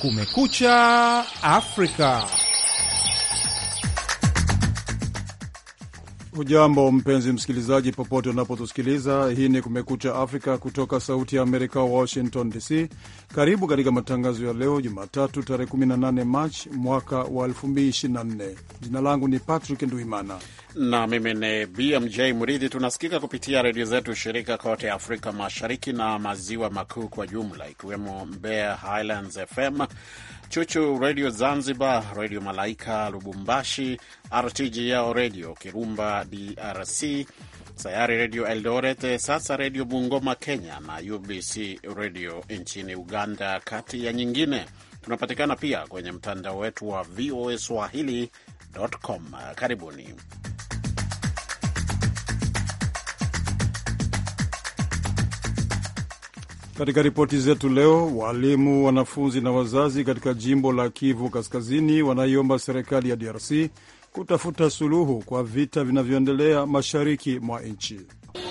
Kumekucha Afrika. ujambo mpenzi msikilizaji, popote unapotusikiliza. Hii ni Kumekucha Afrika kutoka Sauti ya Amerika, Washington DC. Karibu katika matangazo ya leo Jumatatu, tarehe 18 Machi mwaka wa 2024. Jina langu ni Patrick Nduimana na mimi ni BMJ Mridhi. Tunasikika kupitia redio zetu shirika kote Afrika Mashariki na Maziwa Makuu kwa jumla, ikiwemo Mbeya Highlands FM Chuchu Redio Zanzibar, Redio Malaika Lubumbashi, RTGL Redio Kirumba DRC, Sayari Redio Eldoret, Sasa Redio Bungoma Kenya na UBC Redio nchini Uganda, kati ya nyingine. Tunapatikana pia kwenye mtandao wetu wa VOA Swahili.com. Karibuni. Katika ripoti zetu leo, walimu, wanafunzi na wazazi katika jimbo la Kivu Kaskazini wanaiomba serikali ya DRC kutafuta suluhu kwa vita vinavyoendelea mashariki mwa nchi.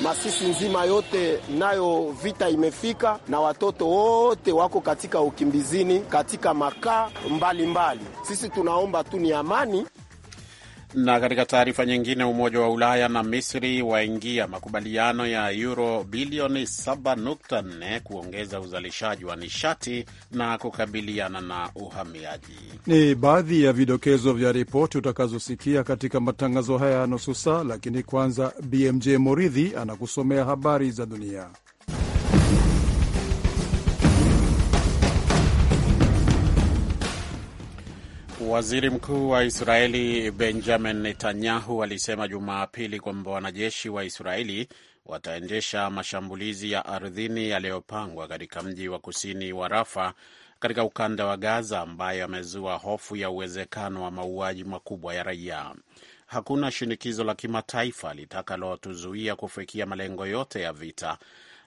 Masisi nzima yote nayo vita imefika, na watoto wote wako katika ukimbizini katika makaa mbalimbali. Sisi tunaomba tu ni amani na katika taarifa nyingine, Umoja wa Ulaya na Misri waingia makubaliano ya euro bilioni 7.4 kuongeza uzalishaji wa nishati na kukabiliana na uhamiaji. Ni baadhi ya vidokezo vya ripoti utakazosikia katika matangazo haya ya nusu saa, lakini kwanza BMJ Moridhi anakusomea habari za dunia. Waziri Mkuu wa Israeli Benjamin Netanyahu alisema Jumapili kwamba wanajeshi wa Israeli wataendesha mashambulizi ya ardhini yaliyopangwa katika mji wa kusini wa Rafa katika ukanda wa Gaza, ambayo amezua hofu ya uwezekano wa mauaji makubwa ya raia. Hakuna shinikizo la kimataifa litakalotuzuia kufikia malengo yote ya vita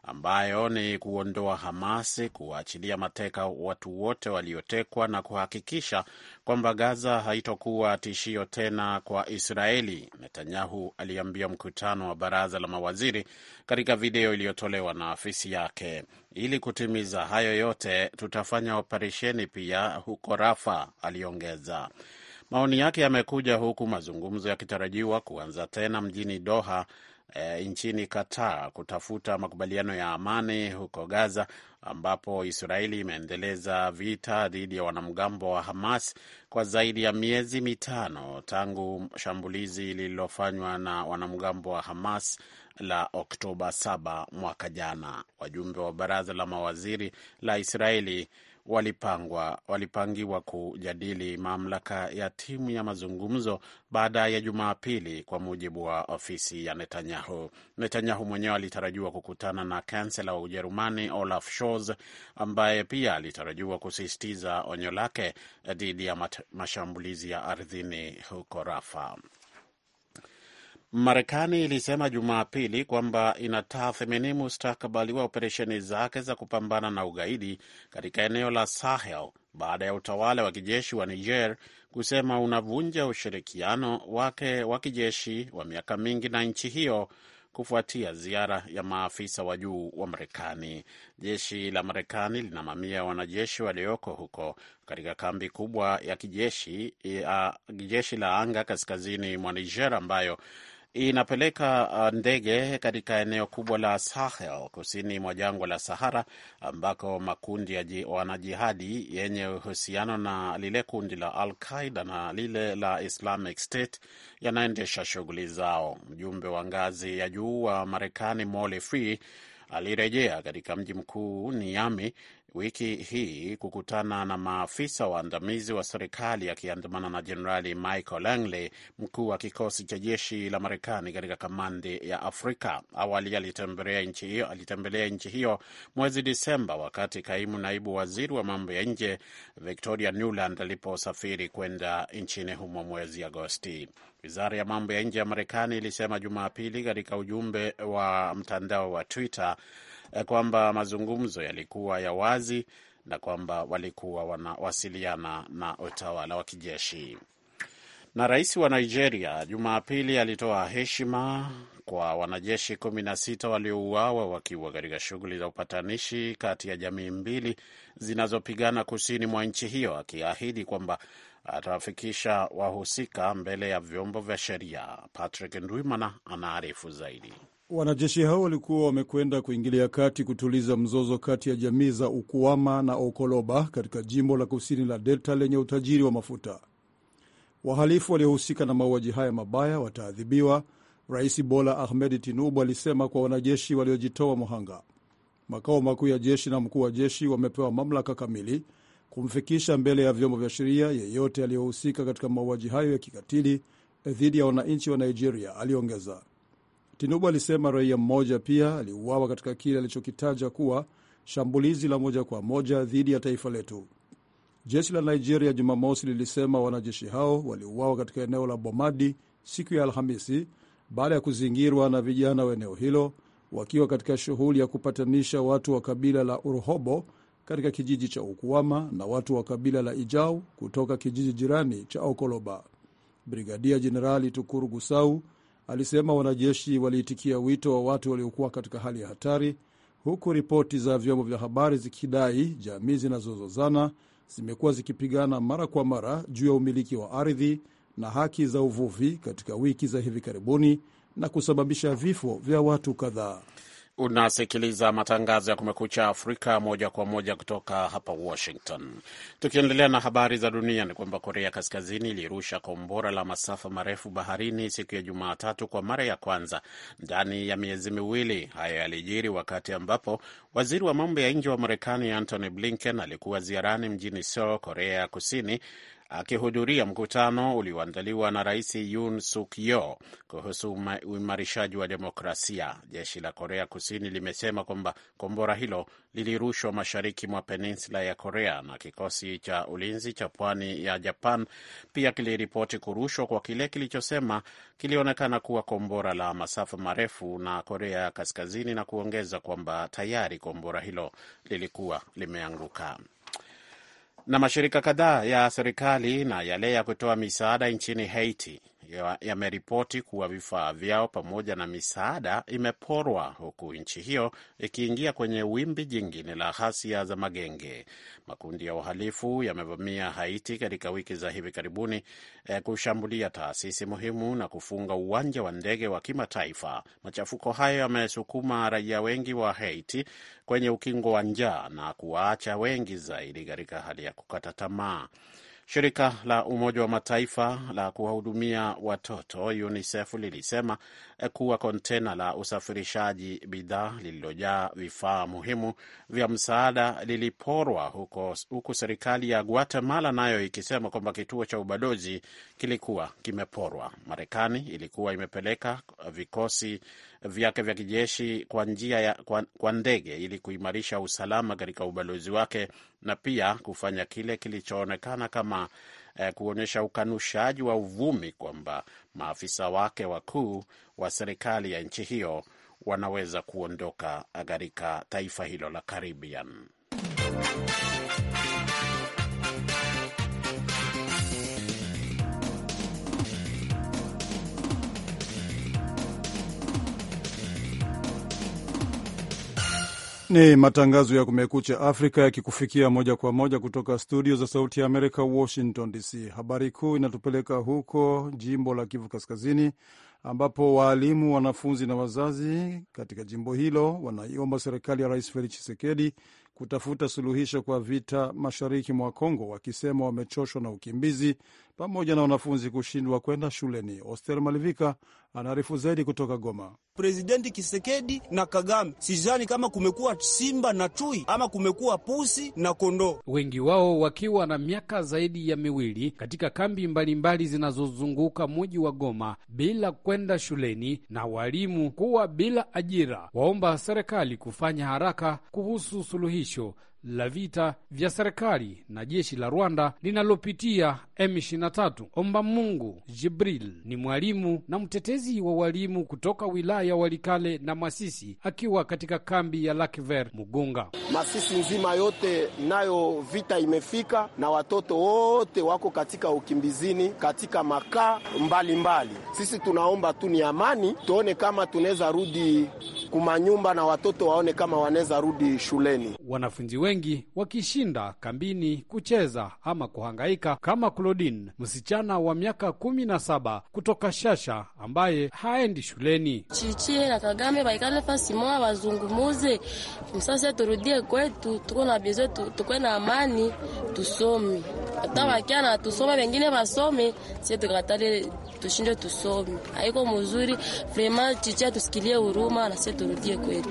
ambayo ni kuondoa Hamasi, kuwaachilia mateka watu wote waliotekwa na kuhakikisha kwamba Gaza haitokuwa tishio tena kwa Israeli, Netanyahu aliambia mkutano wa baraza la mawaziri katika video iliyotolewa na afisi yake. Ili kutimiza hayo yote, tutafanya operesheni pia huko Rafa, aliongeza. Maoni yake yamekuja huku mazungumzo yakitarajiwa kuanza tena mjini Doha e, nchini Qatar kutafuta makubaliano ya amani huko Gaza ambapo Israeli imeendeleza vita dhidi ya wanamgambo wa Hamas kwa zaidi ya miezi mitano tangu shambulizi lililofanywa na wanamgambo wa Hamas la Oktoba 7 mwaka jana. Wajumbe wa baraza la mawaziri la Israeli walipangwa walipangiwa kujadili mamlaka ya timu ya mazungumzo baada ya Jumapili, kwa mujibu wa ofisi ya Netanyahu. Netanyahu mwenyewe alitarajiwa kukutana na kansela wa Ujerumani Olaf Scholz, ambaye pia alitarajiwa kusisitiza onyo lake dhidi ya mashambulizi ya ardhini huko Rafa. Marekani ilisema Jumapili kwamba inatathmini mustakabali wa operesheni zake za kupambana na ugaidi katika eneo la Sahel baada ya utawala wa kijeshi wa Niger kusema unavunja ushirikiano wake wa kijeshi wa miaka mingi na nchi hiyo kufuatia ziara ya maafisa wa juu wa Marekani. Jeshi la Marekani lina mamia wanajeshi walioko huko katika kambi kubwa ya kijeshi ya jeshi la anga kaskazini mwa Niger ambayo inapeleka uh, ndege katika eneo kubwa la Sahel kusini mwa jangwa la Sahara, ambako makundi ya wanajihadi yenye uhusiano na lile kundi la Al Qaida na lile la Islamic State yanaendesha shughuli zao. Mjumbe wa ngazi ya juu wa Marekani Molly Free alirejea katika mji mkuu Niamey wiki hii kukutana na maafisa waandamizi wa serikali akiandamana na Jenerali Michael Langley, mkuu wa kikosi cha jeshi la Marekani katika kamandi ya Afrika. Awali alitembelea nchi hiyo alitembelea nchi hiyo mwezi Disemba, wakati kaimu naibu waziri wa mambo ya nje Victoria Newland aliposafiri kwenda nchini humo mwezi Agosti. Wizara ya mambo ya nje ya Marekani ilisema Jumapili katika ujumbe wa mtandao wa Twitter Eh, kwamba mazungumzo yalikuwa ya wazi na kwamba walikuwa wanawasiliana na utawala wa kijeshi. Na rais wa Nigeria Jumapili alitoa heshima kwa wanajeshi kumi na sita waliouawa wakiwa katika shughuli za upatanishi kati ya jamii mbili zinazopigana kusini mwa nchi hiyo, akiahidi kwamba atawafikisha wahusika mbele ya vyombo vya sheria. Patrick Ndwimana anaarifu zaidi. Wanajeshi hao walikuwa wamekwenda kuingilia kati kutuliza mzozo kati ya jamii za Ukuama na Okoloba katika jimbo la kusini la Delta lenye utajiri wa mafuta. Wahalifu waliohusika na mauaji haya mabaya wataadhibiwa, Rais Bola Ahmed Tinubu alisema kwa wanajeshi waliojitoa muhanga. Makao makuu ya jeshi na mkuu wa jeshi wamepewa mamlaka kamili kumfikisha mbele ya vyombo vya sheria yeyote aliyohusika katika mauaji hayo ya kikatili dhidi ya wananchi wa Nigeria, aliongeza. Tinubu alisema raia mmoja pia aliuawa katika kile alichokitaja kuwa shambulizi la moja kwa moja dhidi ya taifa letu. Jeshi la Nigeria Jumamosi lilisema wanajeshi hao waliuawa katika eneo la Bomadi siku ya Alhamisi baada ya kuzingirwa na vijana wa eneo hilo wakiwa katika shughuli ya kupatanisha watu wa kabila la Urhobo katika kijiji cha Ukuama na watu wa kabila la Ijau kutoka kijiji jirani cha Okoloba. Brigadia Jenerali Tukuru Gusau alisema wanajeshi waliitikia wito wa watu waliokuwa katika hali ya hatari, huku ripoti za vyombo vya habari zikidai jamii zinazozozana zimekuwa zikipigana mara kwa mara juu ya umiliki wa ardhi na haki za uvuvi katika wiki za hivi karibuni na kusababisha vifo vya watu kadhaa. Unasikiliza matangazo ya Kumekucha Afrika moja kwa moja kutoka hapa Washington. Tukiendelea na habari za dunia, ni kwamba Korea Kaskazini ilirusha kombora la masafa marefu baharini siku ya Jumatatu kwa mara ya kwanza ndani ya miezi miwili. Hayo yalijiri wakati ambapo waziri wa mambo ya nje wa Marekani Antony Blinken alikuwa ziarani mjini Seoul, Korea ya Kusini, akihudhuria mkutano ulioandaliwa na Rais Yoon Suk Yeol kuhusu uimarishaji wa demokrasia. Jeshi la Korea Kusini limesema kwamba kombora hilo lilirushwa mashariki mwa peninsula ya Korea, na kikosi cha ulinzi cha pwani ya Japan pia kiliripoti kurushwa kwa kile kilichosema kilionekana kuwa kombora la masafa marefu na Korea ya Kaskazini, na kuongeza kwamba tayari kombora hilo lilikuwa limeanguka na mashirika kadhaa ya serikali na yale ya kutoa misaada nchini Haiti yameripoti kuwa vifaa vyao pamoja na misaada imeporwa huku nchi hiyo ikiingia kwenye wimbi jingine la ghasia za magenge. Makundi ya uhalifu yamevamia Haiti katika wiki za hivi karibuni, eh, kushambulia taasisi muhimu na kufunga uwanja wa ndege wa kimataifa. Machafuko hayo yamesukuma raia wengi wa Haiti kwenye ukingo wa njaa na kuwaacha wengi zaidi katika hali ya kukata tamaa. Shirika la Umoja wa Mataifa la kuwahudumia watoto UNICEF lilisema eh, kuwa kontena la usafirishaji bidhaa lililojaa vifaa muhimu vya msaada liliporwa huko, huku serikali ya Guatemala nayo ikisema kwamba kituo cha ubalozi kilikuwa kimeporwa. Marekani ilikuwa imepeleka vikosi vyake vya kijeshi kwa njia ya kwa, kwa ndege ili kuimarisha usalama katika ubalozi wake na pia kufanya kile kilichoonekana kama eh, kuonyesha ukanushaji wa uvumi kwamba maafisa wake wakuu wa serikali ya nchi hiyo wanaweza kuondoka katika taifa hilo la Caribbean. Ni matangazo ya Kumekucha Afrika yakikufikia moja kwa moja kutoka studio za Sauti ya Amerika, Washington DC. Habari kuu inatupeleka huko jimbo la Kivu Kaskazini, ambapo waalimu, wanafunzi na wazazi katika jimbo hilo wanaiomba serikali ya Rais Felix chisekedi kutafuta suluhisho kwa vita mashariki mwa congo wakisema wamechoshwa na ukimbizi pamoja na wanafunzi kushindwa kwenda shuleni. Oster Malivika anaarifu zaidi kutoka Goma. Presidenti Kisekedi na Kagame, sizani kama kumekuwa simba na chui ama kumekuwa pusi na kondoo, wengi wao wakiwa na miaka zaidi ya miwili katika kambi mbalimbali zinazozunguka mji wa Goma bila kwenda shuleni na walimu kuwa bila ajira, waomba serikali kufanya haraka kuhusu suluhisho la vita vya serikali na jeshi la Rwanda linalopitia M23. Omba Mungu Jibril ni mwalimu na mtetezi wa walimu kutoka wilaya Walikale na Masisi, akiwa katika kambi ya Lakver Mugunga. Masisi nzima yote nayo vita imefika, na watoto wote wako katika ukimbizini katika makaa mbalimbali. Sisi tunaomba tu ni amani, tuone kama tunaweza rudi kumanyumba na watoto waone kama wanaweza rudi shuleni. Wanafunzi wengi wengi wakishinda kambini kucheza ama kuhangaika, kama Claudine, msichana wa miaka kumi na saba kutoka Shasha ambaye haendi shuleni. Chichie na Kagame baikale fasi wazungumuze, msasa turudie kwetu, tuko na bizo, tukwe na amani, tusome hata wakiana tusome, wengine wasome, sie tukatale tushinde tusome, haiko mzuri vrema. Chichie tusikilie huruma na sie turudie kwetu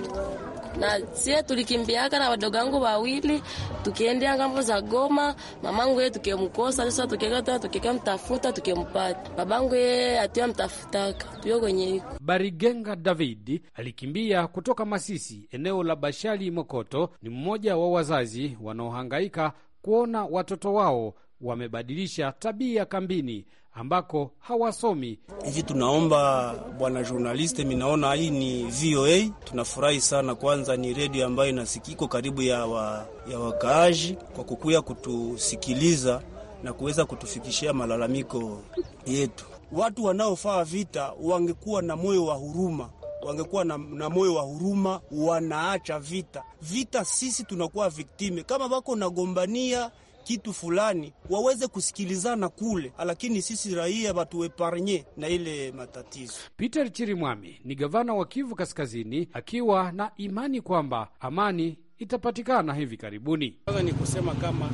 na sie tulikimbiaka na wadogo wangu wawili, tukiendea ngambo za Goma. Mamangu yeye tukemkosa, sasa tukikata tukikamtafuta tukempata, babangu yeye atia mtafutaka tuyo kwenye iko. Barigenga david alikimbia kutoka Masisi, eneo la Bashali Mokoto. Ni mmoja wa wazazi wanaohangaika kuona watoto wao wamebadilisha tabia kambini ambako hawasomi hivi. Tunaomba bwana journaliste, minaona hii ni VOA, tunafurahi sana. Kwanza ni redio ambayo inasikiko karibu ya, wa, ya wakaaji kwa kukuya kutusikiliza na kuweza kutufikishia malalamiko yetu. Watu wanaofaa vita wangekuwa na moyo wa huruma wangekuwa na, na moyo wa huruma, wanaacha vita. Vita sisi tunakuwa viktime, kama wako nagombania kitu fulani waweze kusikilizana kule, lakini sisi raia watueparnye na ile matatizo. Peter Chirimwami ni gavana wa Kivu Kaskazini akiwa na imani kwamba amani itapatikana hivi karibuni. Sasa ni kusema kama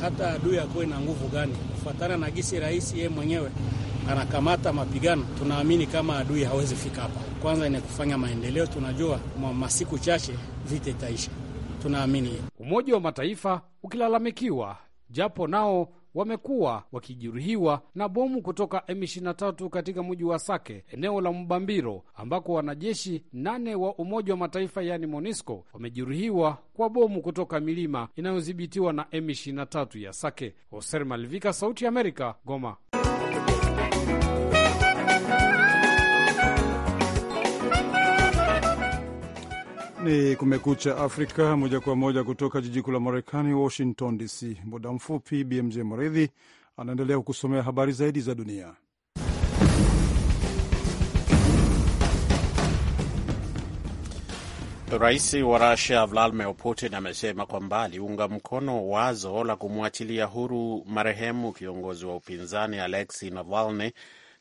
hata adui akuwe na nguvu gani, kufuatana na gisi rais yeye mwenyewe anakamata mapigano, tunaamini kama adui hawezi fika hapa. Kwanza ni kufanya maendeleo, tunajua masiku chache vita itaisha, tunaamini. Umoja wa Mataifa ukilalamikiwa japo nao wamekuwa wakijeruhiwa na bomu kutoka M23 katika mji wa Sake, eneo la Mbambiro, ambako wanajeshi nane wa Umoja wa Mataifa yani MONUSCO wamejeruhiwa kwa bomu kutoka milima inayodhibitiwa na M23 ya Sake. Hoser Malivika, Sauti ya Amerika, Goma. Ni Kumekucha Afrika, moja kwa moja kutoka jiji kuu la Marekani, Washington DC. Muda mfupi BMJ Mridhi anaendelea kukusomea habari zaidi za dunia. Rais wa Rusia Vladimir Putin amesema kwamba aliunga mkono wazo la kumwachilia huru marehemu kiongozi wa upinzani Alexei Navalny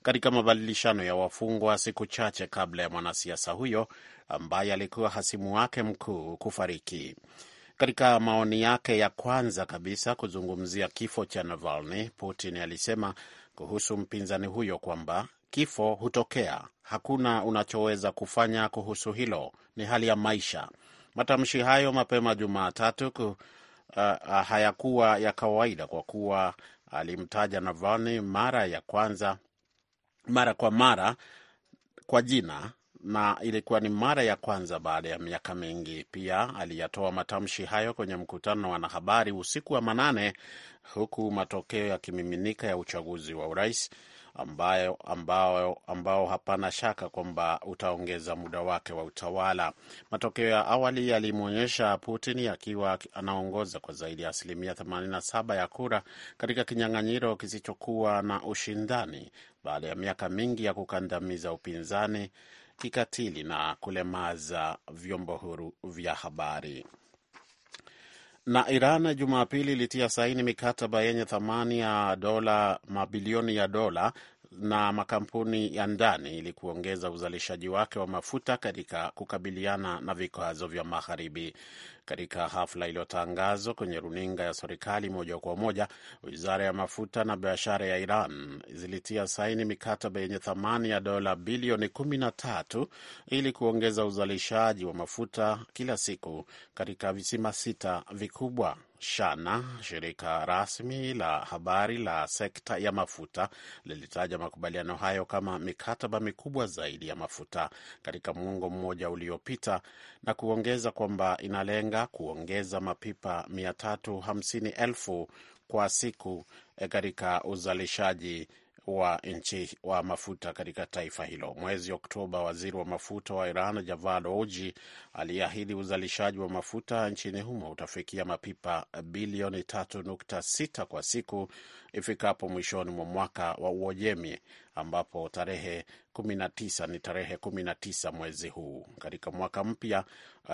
katika mabadilishano ya wafungwa siku chache kabla ya mwanasiasa huyo ambaye alikuwa hasimu wake mkuu kufariki. Katika maoni yake ya kwanza kabisa kuzungumzia kifo cha Navalny, Putin alisema kuhusu mpinzani huyo kwamba kifo hutokea, hakuna unachoweza kufanya kuhusu hilo, ni hali ya maisha. Matamshi hayo mapema Jumatatu uh, uh, hayakuwa ya kawaida kwa kuwa alimtaja Navalny mara ya kwanza mara kwa mara kwa jina na ilikuwa ni mara ya kwanza baada ya miaka mingi. Pia aliyatoa matamshi hayo kwenye mkutano na wanahabari usiku wa manane, huku matokeo yakimiminika ya uchaguzi wa urais ambao, ambao, ambao hapana shaka kwamba utaongeza muda wake wa utawala. Matokeo ya awali yalimwonyesha Putin akiwa anaongoza kwa zaidi ya asilimia 87 ya kura katika kinyang'anyiro kisichokuwa na ushindani baada ya miaka mingi ya kukandamiza upinzani kikatili na kulemaza vyombo huru vya habari. Na Iran Jumapili ilitia saini mikataba yenye thamani ya dola mabilioni ya dola na makampuni ya ndani ili kuongeza uzalishaji wake wa mafuta katika kukabiliana na vikwazo vya magharibi. Katika hafla iliyotangazwa kwenye runinga ya serikali moja kwa moja, wizara ya mafuta na biashara ya Iran zilitia saini mikataba yenye thamani ya dola bilioni kumi tatu ili kuongeza uzalishaji wa mafuta kila siku katika visima sita vikubwa. Shana, shirika rasmi la habari la sekta ya mafuta, lilitaja makubaliano hayo kama mikataba mikubwa zaidi ya mafuta katika muongo mmoja uliopita na kuongeza kwamba inalenga kuongeza mapipa 350,000 kwa siku eh, katika uzalishaji wa nchi wa mafuta katika taifa hilo. Mwezi Oktoba, waziri wa mafuta wa Iran Javad Oji aliahidi uzalishaji wa mafuta nchini humo utafikia mapipa bilioni 3.6 kwa siku ifikapo mwishoni mwa mwaka wa Uojemi, ambapo tarehe 19 ni tarehe 19 mwezi huu. Katika mwaka mpya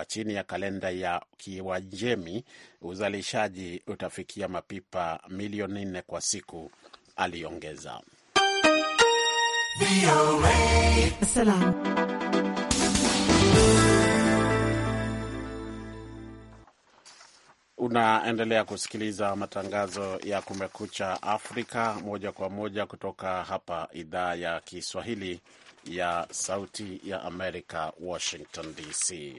chini ya kalenda ya Kiwajemi, uzalishaji utafikia mapipa milioni nne kwa siku, aliongeza. Salam. Unaendelea kusikiliza matangazo ya Kumekucha Afrika moja kwa moja kutoka hapa idhaa ya Kiswahili ya Sauti ya Amerika, Washington DC.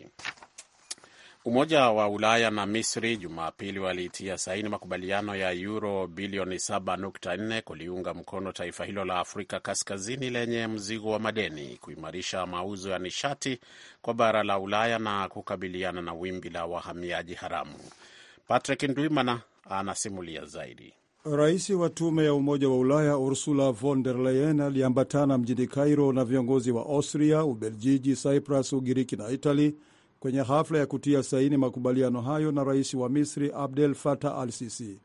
Umoja wa Ulaya na Misri Jumapili waliitia saini makubaliano ya euro bilioni 7.4 kuliunga mkono taifa hilo la Afrika Kaskazini lenye mzigo wa madeni, kuimarisha mauzo ya nishati kwa bara la Ulaya na kukabiliana na wimbi la wahamiaji haramu. Patrick Ndwimana anasimulia zaidi. Rais wa tume ya Umoja wa Ulaya Ursula von der Leyen aliambatana mjini Cairo na viongozi wa Austria, Ubelgiji, Cyprus, Ugiriki na Itali kwenye hafla ya kutia saini makubaliano hayo na rais wa Misri Abdel Fattah al Sisi.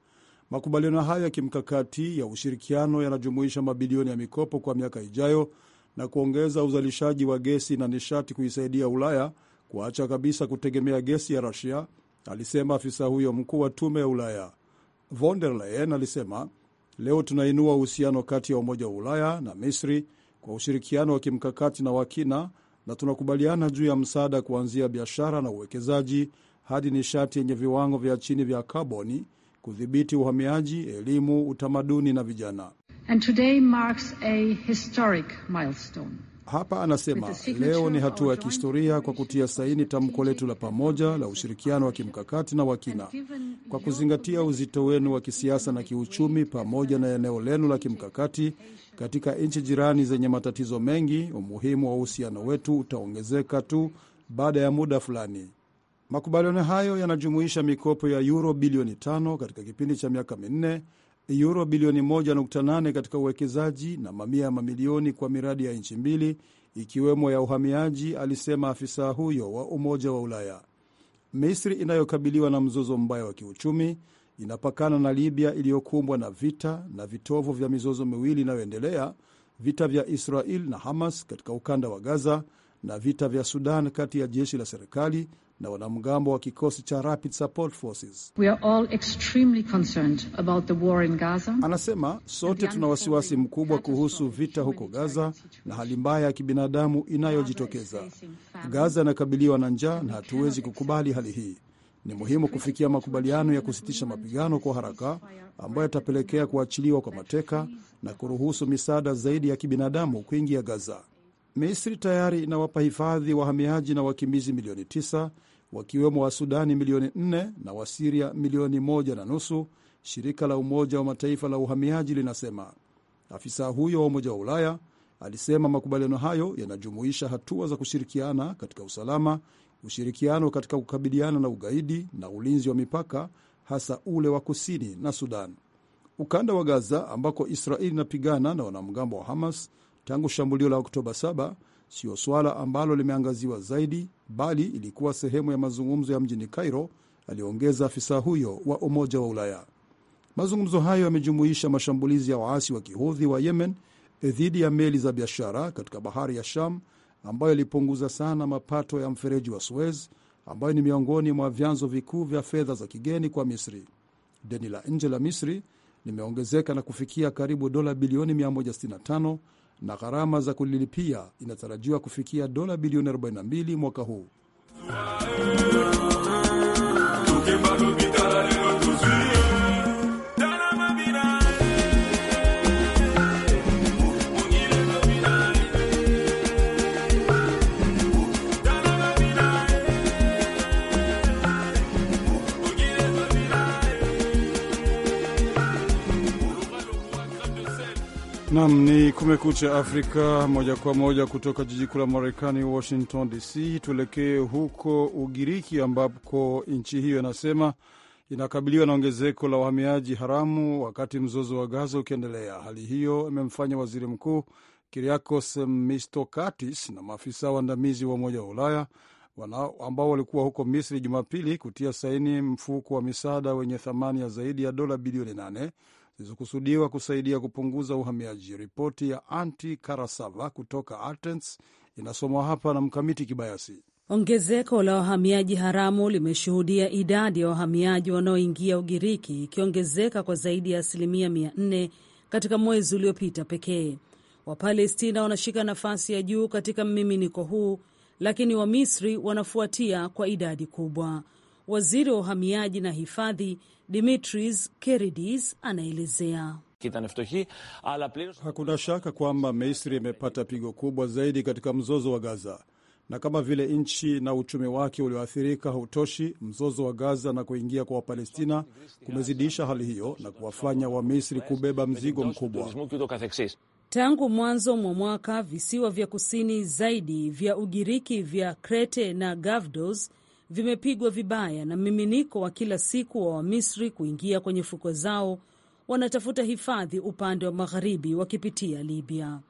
Makubaliano hayo ya kimkakati ya ushirikiano yanajumuisha mabilioni ya mikopo kwa miaka ijayo na kuongeza uzalishaji wa gesi na nishati kuisaidia Ulaya kuacha kabisa kutegemea gesi ya Rusia, alisema afisa huyo mkuu wa tume ya Ulaya. Von der Leyen alisema leo tunainua uhusiano kati ya Umoja wa Ulaya na Misri kwa ushirikiano wa kimkakati na wakina na tunakubaliana juu ya msaada kuanzia biashara na uwekezaji hadi nishati yenye viwango vya chini vya kaboni, kudhibiti uhamiaji, elimu, utamaduni na vijana. And today marks a historic milestone. Hapa anasema leo ni hatua ya kihistoria kwa kutia saini tamko letu la pamoja la ushirikiano wa kimkakati na wa kina kwa kuzingatia uzito wenu wa kisiasa na kiuchumi pamoja na eneo lenu la kimkakati katika nchi jirani zenye matatizo mengi. Umuhimu wa uhusiano wetu utaongezeka tu baada ya muda fulani. Makubaliano hayo yanajumuisha mikopo ya yuro bilioni tano katika kipindi cha miaka minne yuro bilioni 1.8 katika uwekezaji na mamia ya mamilioni kwa miradi ya nchi mbili ikiwemo ya uhamiaji, alisema afisa huyo wa Umoja wa Ulaya. Misri inayokabiliwa na mzozo mbaya wa kiuchumi inapakana na Libya iliyokumbwa na vita na vitovu vya mizozo miwili inayoendelea, vita vya Israel na Hamas katika ukanda wa Gaza na vita vya Sudan kati ya jeshi la serikali na wanamgambo wa kikosi cha Rapid Support Forces. We are all extremely concerned about the war in Gaza. Anasema sote tuna wasiwasi mkubwa kuhusu vita huko Gaza na hali mbaya ya kibinadamu inayojitokeza. Gaza inakabiliwa na njaa na hatuwezi kukubali hali hii. Ni muhimu kufikia makubaliano ya kusitisha mapigano kwa haraka ambayo yatapelekea kuachiliwa kwa mateka na kuruhusu misaada zaidi ya kibinadamu kuingia Gaza. Misri tayari inawapa hifadhi wahamiaji na wakimbizi milioni tisa wakiwemo Wasudani milioni 4 na Wasiria milioni moja na nusu, shirika la Umoja wa Mataifa la uhamiaji linasema. Afisa huyo wa Umoja wa Ulaya alisema makubaliano hayo yanajumuisha hatua za kushirikiana katika usalama, ushirikiano katika kukabiliana na ugaidi na ulinzi wa mipaka, hasa ule wa kusini na Sudan. Ukanda wa Gaza ambako Israeli inapigana na wanamgambo wa Hamas tangu shambulio la Oktoba 7 sio swala ambalo limeangaziwa zaidi, bali ilikuwa sehemu ya mazungumzo ya mjini Cairo, aliongeza afisa huyo wa Umoja wa Ulaya. Mazungumzo hayo yamejumuisha mashambulizi ya waasi wa kihudhi wa Yemen dhidi ya meli za biashara katika bahari ya Sham ambayo ilipunguza sana mapato ya mfereji wa Suez ambayo ni miongoni mwa vyanzo vikuu vya fedha za kigeni kwa Misri. Deni la nje la Misri limeongezeka na kufikia karibu dola bilioni na gharama za kulilipia inatarajiwa kufikia dola bilioni 42 mwaka huu. Nam ni Kumekucha Afrika, moja kwa moja kutoka jiji kuu la Marekani, Washington DC. Tuelekee huko Ugiriki, ambapo nchi hiyo inasema inakabiliwa na ongezeko la wahamiaji haramu wakati mzozo wa Gaza ukiendelea. Hali hiyo imemfanya waziri mkuu kiriakos Mistokatis na maafisa waandamizi wa Umoja wa Ulaya ambao walikuwa huko Misri Jumapili kutia saini mfuko wa misaada wenye thamani ya zaidi ya dola bilioni nane zilizokusudiwa kusaidia kupunguza uhamiaji. Ripoti ya Anti Karasava kutoka Athens inasomwa hapa na Mkamiti Kibayasi. Ongezeko la wahamiaji haramu limeshuhudia idadi ya wahamiaji wanaoingia Ugiriki ikiongezeka kwa zaidi ya asilimia mia katika mwezi uliopita pekee. Wapalestina wanashika nafasi ya juu katika mmiminiko huu, lakini Wamisri wanafuatia kwa idadi kubwa. Waziri wa uhamiaji na hifadhi Dimitris Keridis anaelezea. Hakuna shaka kwamba Misri imepata pigo kubwa zaidi katika mzozo wa Gaza, na kama vile nchi na uchumi wake ulioathirika hautoshi, mzozo wa Gaza na kuingia kwa Wapalestina kumezidisha hali hiyo na kuwafanya Wamisri kubeba mzigo mkubwa. Tangu mwanzo mwa mwaka, visiwa vya kusini zaidi vya Ugiriki vya Krete na Gavdos vimepigwa vibaya na mmiminiko wa kila siku wa Wamisri kuingia kwenye fuko zao wanatafuta hifadhi upande wa magharibi wakipitia Libya.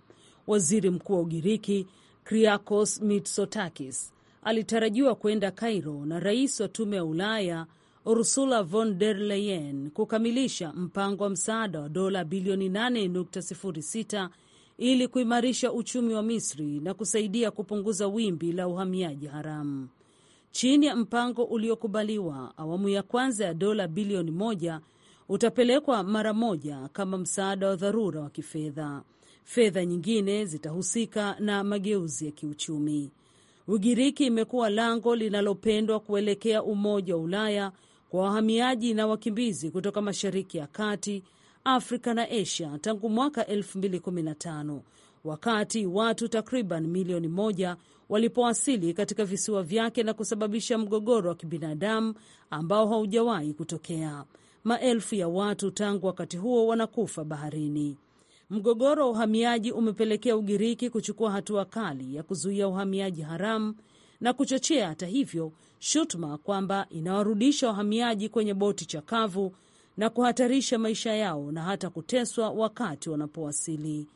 Waziri Mkuu wa Ugiriki Kriakos Mitsotakis alitarajiwa kwenda Cairo na rais wa Tume ya Ulaya Ursula von der Leyen kukamilisha mpango wa msaada wa dola bilioni 8.06 ili kuimarisha uchumi wa Misri na kusaidia kupunguza wimbi la uhamiaji haramu chini ya mpango uliokubaliwa, awamu ya kwanza ya dola bilioni moja utapelekwa mara moja kama msaada wa dharura wa kifedha. Fedha nyingine zitahusika na mageuzi ya kiuchumi. Ugiriki imekuwa lango linalopendwa kuelekea Umoja wa Ulaya kwa wahamiaji na wakimbizi kutoka Mashariki ya Kati, Afrika na Asia tangu mwaka 2015 wakati watu takriban milioni moja walipowasili katika visiwa vyake na kusababisha mgogoro wa kibinadamu ambao haujawahi kutokea. Maelfu ya watu tangu wakati huo wanakufa baharini. Mgogoro wa uhamiaji umepelekea Ugiriki kuchukua hatua kali ya kuzuia uhamiaji haramu na kuchochea, hata hivyo, shutuma kwamba inawarudisha wahamiaji kwenye boti chakavu na kuhatarisha maisha yao na hata kuteswa wakati wanapowasili.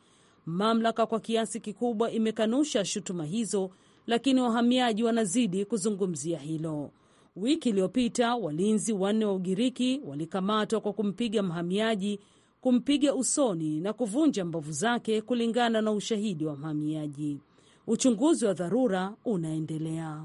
Mamlaka kwa kiasi kikubwa imekanusha shutuma hizo, lakini wahamiaji wanazidi kuzungumzia hilo. Wiki iliyopita walinzi wanne wa Ugiriki walikamatwa kwa kumpiga mhamiaji, kumpiga usoni na kuvunja mbavu zake, kulingana na ushahidi wa mhamiaji. Uchunguzi wa dharura unaendelea.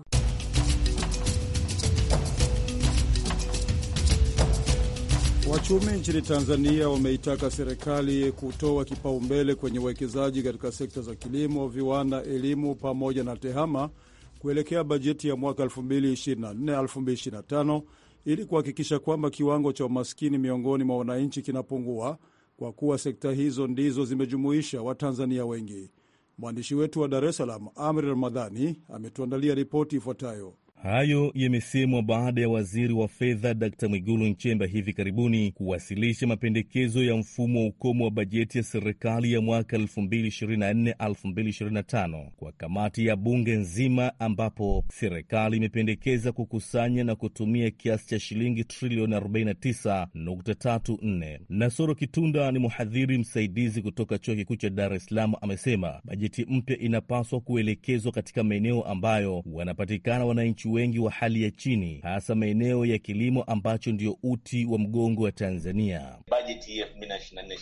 Wachumi nchini Tanzania wameitaka serikali kutoa kipaumbele kwenye uwekezaji katika sekta za kilimo, viwanda, elimu pamoja na tehama kuelekea bajeti ya mwaka 2024/2025 ili kuhakikisha kwamba kiwango cha umaskini miongoni mwa wananchi kinapungua kwa kuwa sekta hizo ndizo zimejumuisha Watanzania wengi. Mwandishi wetu wa Dar es Salaam, Amri Ramadhani, ametuandalia ripoti ifuatayo. Hayo yamesemwa baada ya waziri wa fedha Dkt Mwigulu Nchemba hivi karibuni kuwasilisha mapendekezo ya mfumo wa ukomo wa bajeti ya serikali ya mwaka 2024/2025 kwa kamati ya bunge nzima, ambapo serikali imependekeza kukusanya na kutumia kiasi cha shilingi trilioni 49.34. Nasoro Kitunda ni mhadhiri msaidizi kutoka chuo kikuu cha Dar es Salaam, amesema bajeti mpya inapaswa kuelekezwa katika maeneo ambayo wanapatikana wananchi wananchi wengi wa hali ya chini, hasa maeneo ya kilimo ambacho ndio uti wa mgongo wa Tanzania. Bajeti ya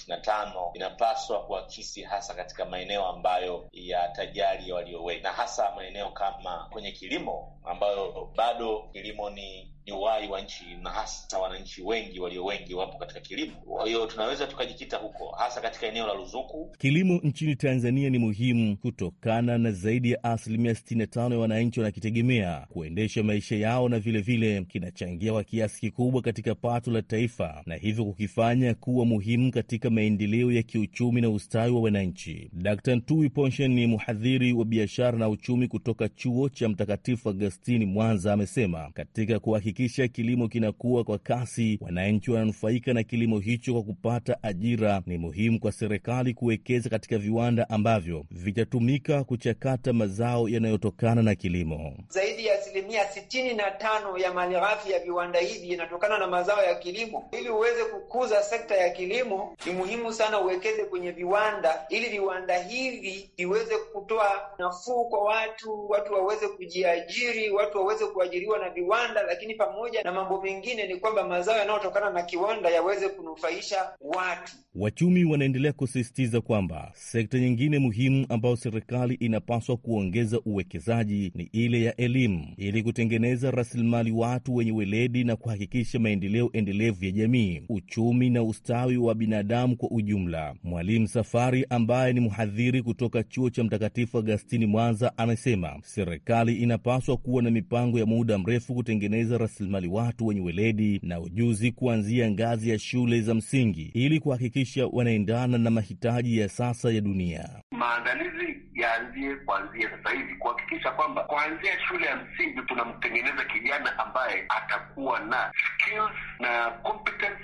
na tano inapaswa kuakisi hasa katika maeneo ambayo ya ya walio wengi, na hasa maeneo kama kwenye kilimo ambayo bado kilimo ni ni uhai wa nchi na hasa wananchi wengi walio wengi wapo katika kilimo. Kwa hiyo tunaweza tukajikita huko, hasa katika eneo la ruzuku. Kilimo nchini Tanzania ni muhimu kutokana na zaidi ya asilimia 65 ya wananchi wanakitegemea kuendesha maisha yao, na vilevile kinachangia kwa kiasi kikubwa katika pato la taifa na hivyo kukifanya kuwa muhimu katika maendeleo ya kiuchumi na ustawi wa wananchi. Dkt Ntui Ponshen ni mhadhiri wa biashara na uchumi kutoka chuo cha Mtakatifu Agostini Mwanza, amesema katika kuhakikisha kilimo kinakuwa kwa kasi, wananchi wananufaika na kilimo hicho kwa kupata ajira, ni muhimu kwa serikali kuwekeza katika viwanda ambavyo vitatumika kuchakata mazao yanayotokana na kilimo. Zaidi ya asilimia sitini na tano ya malighafi ya viwanda hivi inatokana na mazao ya kilimo. Ili uweze kukuza sekta ya kilimo, ni muhimu sana uwekeze kwenye viwanda, ili viwanda hivi viweze kutoa nafuu kwa watu, watu waweze kujiajiri, watu waweze kuajiriwa na viwanda, lakini pamoja na mambo mengine ni kwamba mazao yanayotokana na kiwanda yaweze kunufaisha watu. Wachumi wanaendelea kusisitiza kwamba sekta nyingine muhimu ambayo serikali inapaswa kuongeza uwekezaji ni ile ya elimu ili kutengeneza rasilimali watu wenye weledi na kuhakikisha maendeleo endelevu ya jamii, uchumi na ustawi wa binadamu kwa ujumla. Mwalimu Safari ambaye ni mhadhiri kutoka Chuo cha Mtakatifu Agastini Mwanza anasema serikali inapaswa kuwa na mipango ya muda mrefu kutengeneza rasilimali watu wenye weledi na ujuzi kuanzia ngazi ya shule za msingi ili kuhakikisha wanaendana na mahitaji ya sasa ya dunia. Maandalizi yaanzie kuanzia sasa hivi kuhakikisha kwamba kuanzia shule ya msingi tunamtengeneza kijana ambaye atakuwa na skills na competencies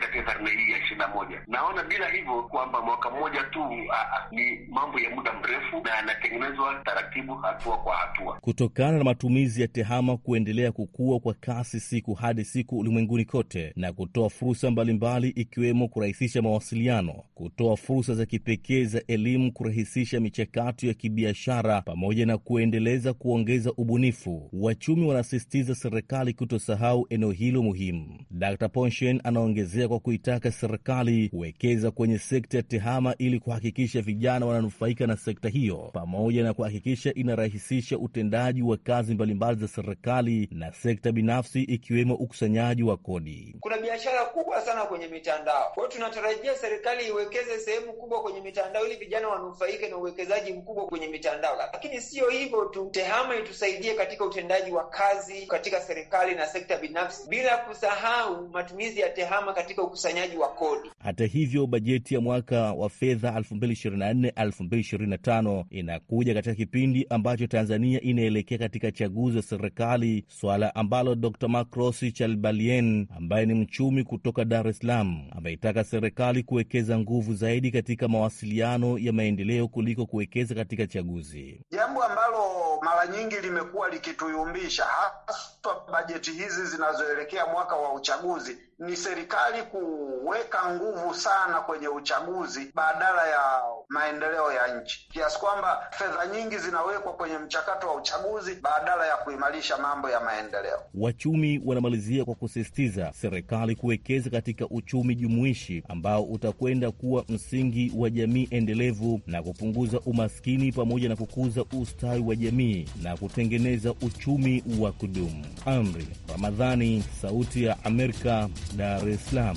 katika karne hii ya ishirini na moja. Naona bila hivyo kwamba mwaka mmoja tu a, ni mambo ya muda mrefu na yanatengenezwa taratibu, hatua kwa hatua, kutokana na matumizi ya tehama kuendelea ku kukua kwa kasi siku hadi siku ulimwenguni kote na kutoa fursa mbalimbali ikiwemo kurahisisha mawasiliano, kutoa fursa za kipekee za elimu, kurahisisha michakato ya kibiashara pamoja na kuendeleza kuongeza ubunifu. Wachumi wanasisitiza serikali kutosahau eneo hilo muhimu. Dr. Ponshen anaongezea kwa kuitaka serikali kuwekeza kwenye sekta ya tehama ili kuhakikisha vijana wananufaika na sekta hiyo pamoja na kuhakikisha inarahisisha utendaji wa kazi mbalimbali za serikali na sekta binafsi ikiwemo ukusanyaji wa kodi. Kuna biashara kubwa sana kwenye mitandao, kwa hiyo tunatarajia serikali iwekeze sehemu kubwa kwenye mitandao ili vijana wanufaike na uwekezaji mkubwa kwenye mitandao. Lakini siyo hivyo tu, tehama itusaidie katika utendaji wa kazi katika serikali na sekta binafsi, bila kusahau matumizi ya tehama katika ukusanyaji wa kodi. Hata hivyo, bajeti ya mwaka wa fedha 2024 2025 inakuja katika kipindi ambacho Tanzania inaelekea katika chaguzi za serikali, swala suala ambalo Dr Macrosi Chalbalien ambaye ni mchumi kutoka Dar es Salaam ameitaka serikali kuwekeza nguvu zaidi katika mawasiliano ya maendeleo kuliko kuwekeza katika chaguzi, jambo ambalo mara nyingi limekuwa likituyumbisha, haswa bajeti hizi zinazoelekea mwaka wa uchaguzi ni serikali kuweka nguvu sana kwenye uchaguzi badala ya maendeleo ya nchi, kiasi kwamba fedha nyingi zinawekwa kwenye mchakato wa uchaguzi badala ya kuimarisha mambo ya maendeleo. Wachumi wanamalizia kwa kusisitiza serikali kuwekeza katika uchumi jumuishi ambao utakwenda kuwa msingi wa jamii endelevu na kupunguza umaskini pamoja na kukuza ustawi wa jamii na kutengeneza uchumi wa kudumu. Amri Ramadhani, Sauti ya Amerika, Dar es Salaam.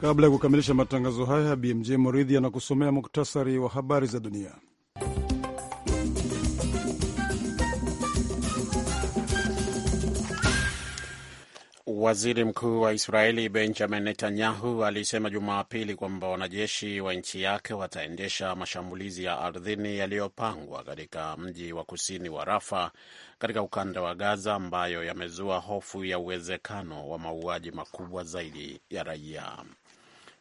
Kabla ya kukamilisha matangazo haya, BMJ Moridhi anakusomea muktasari wa habari za dunia. Waziri Mkuu wa Israeli Benjamin Netanyahu alisema Jumapili kwamba wanajeshi wa nchi yake wataendesha mashambulizi ya ardhini yaliyopangwa katika mji wa kusini wa Rafa katika ukanda wa Gaza, ambayo yamezua hofu ya uwezekano wa mauaji makubwa zaidi ya raia.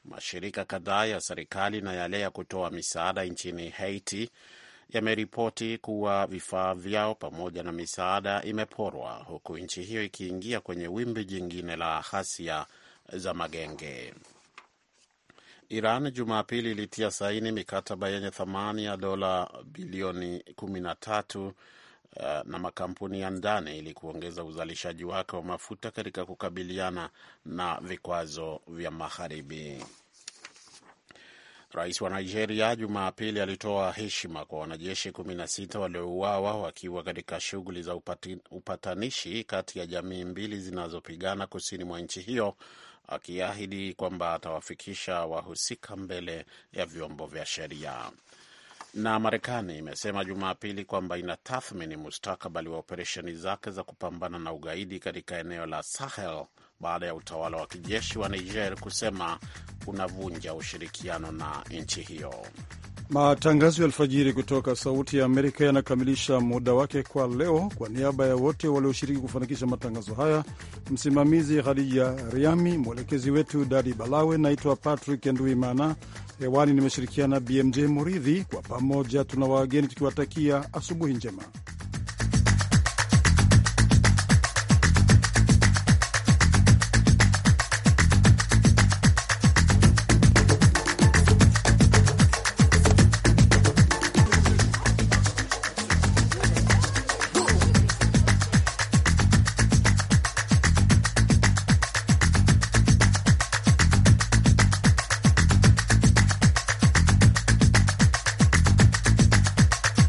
Mashirika kadhaa ya serikali na yale ya kutoa misaada nchini Haiti yameripoti kuwa vifaa vyao pamoja na misaada imeporwa huku nchi hiyo ikiingia kwenye wimbi jingine la ghasia za magenge. Iran Jumapili ilitia saini mikataba yenye thamani ya dola bilioni 13 uh, na makampuni ya ndani ili kuongeza uzalishaji wake wa mafuta katika kukabiliana na vikwazo vya Magharibi. Rais wa Nigeria Jumapili alitoa heshima kwa wanajeshi 16 waliouawa wakiwa katika shughuli za upati, upatanishi kati ya jamii mbili zinazopigana kusini mwa nchi hiyo, akiahidi kwamba atawafikisha wahusika mbele ya vyombo vya sheria. Na Marekani imesema Jumapili kwamba inatathmini mustakabali wa operesheni zake za kupambana na ugaidi katika eneo la Sahel baada ya utawala wa kijeshi wa Niger kusema unavunja ushirikiano na nchi hiyo. Matangazo ya alfajiri kutoka Sauti ya Amerika yanakamilisha muda wake kwa leo. Kwa niaba ya wote walioshiriki kufanikisha matangazo haya, msimamizi Khadija Riami, mwelekezi wetu Dadi Balawe, naitwa Patrick Nduimana. Hewani nimeshirikiana BMJ Muridhi. Kwa pamoja tuna wageni tukiwatakia asubuhi njema.